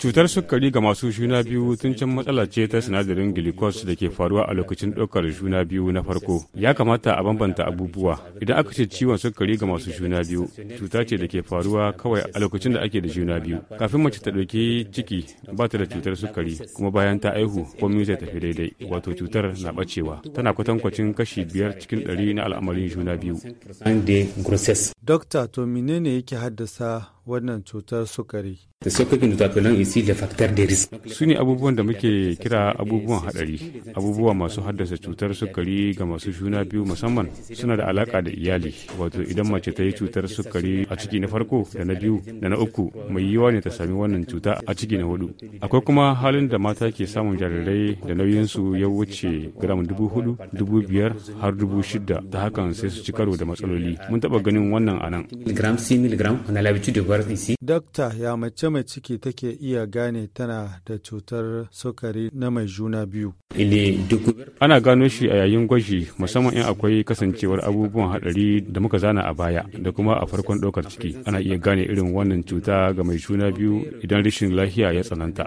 Cutar sukari ga masu juna biyu tun can matsala ce ta sinadarin glucose da ke faruwa a lokacin ɗaukar juna biyu na farko. Ya kamata a bambanta abubuwa. Idan aka ce ciwon sukari ga masu juna biyu, cuta ce da ke faruwa kawai a lokacin da ake da juna biyu. Kafin mace ta ɗauki ciki ba ta da cutar sukari kuma bayan ta aihu komai zai tafi daidai wato cutar na ɓacewa Tana kwatankwacin kashi biyar cikin ɗari na al'amarin juna biyu. Dokta to menene yake haddasa wannan cutar sukari. E su ne abubuwan da muke kira abubuwan hadari, abubuwa masu haddasa cutar sukari ga masu juna biyu musamman suna da alaka da iyali, wato idan mace ta yi cutar sukari a ciki na farko da na biyu da na uku mai yiwa ne ta sami wannan cuta a ciki na hudu. Akwai kuma halin da mata ke samun jarirai da nauyinsu ya wuce gram dubu hudu, dubu biyar har dubu shida ta hakan sai su ci karo da matsaloli. Mun taɓa ganin wannan anan. a nan. agora em si, Dakta ya mace mai ciki take iya gane tana da cutar sukari na mai juna biyu. Ana gano shi a yayin gwaji musamman in akwai kasancewar abubuwan hadari da muka zana a baya da kuma a farkon ɗaukar ciki. Ana iya gane irin wannan cuta ga mai juna biyu idan rashin lafiya ya tsananta.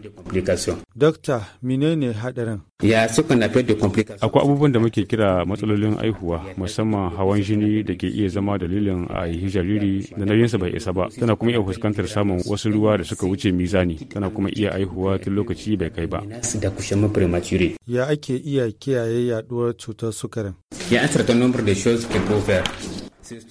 Dakta, menene hadarin? Akwai abubuwan da muke kira matsalolin aihuwa musamman hawan jini da ke iya zama dalilin a jariri da nauyinsa bai isa ba. Tana kuma iya fuskantar samun wasu ruwa da suka wuce mizani tana kuma iya aihuwa tun lokaci bai kai ba. Ya ake iya kiyaye yaduwar cutar sukarin? Ya asirta nombar da shos ke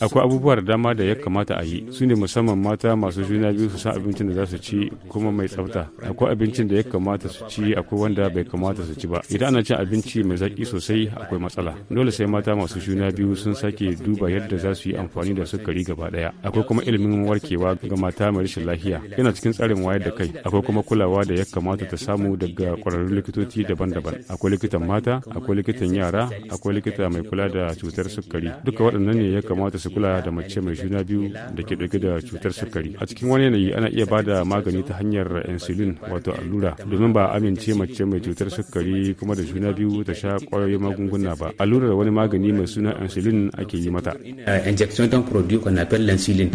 akwai abubuwa da dama da ya kamata a yi su ne musamman mata masu juna biyu su san abincin da za su ci kuma mai tsafta akwai abincin da ya kamata su ci akwai wanda bai kamata su ci ba idan ana cin abinci mai zaki sosai akwai matsala dole sai mata masu juna biyu sun sake duba yadda za su yi amfani da sukari gaba daya akwai kuma ilimin warkewa ga mata mai rashin lafiya yana cikin tsarin wayar da kai akwai kuma kulawa da ya kamata ta samu daga kwararrun likitoci daban-daban akwai likitan mata akwai likitan yara akwai likita mai kula da cutar sukari duka waɗannan ne ya kamata kamata su kula da mace mai juna biyu da ke dauke da cutar sukari a cikin wani yanayi ana iya ba da magani ta hanyar insulin wato allura domin ba amince mace mai cutar sukari kuma da juna biyu ta sha kwayoyin magunguna ba allurar wani magani mai suna insulin ake yi mata injection don produit qu'on appelle l'insuline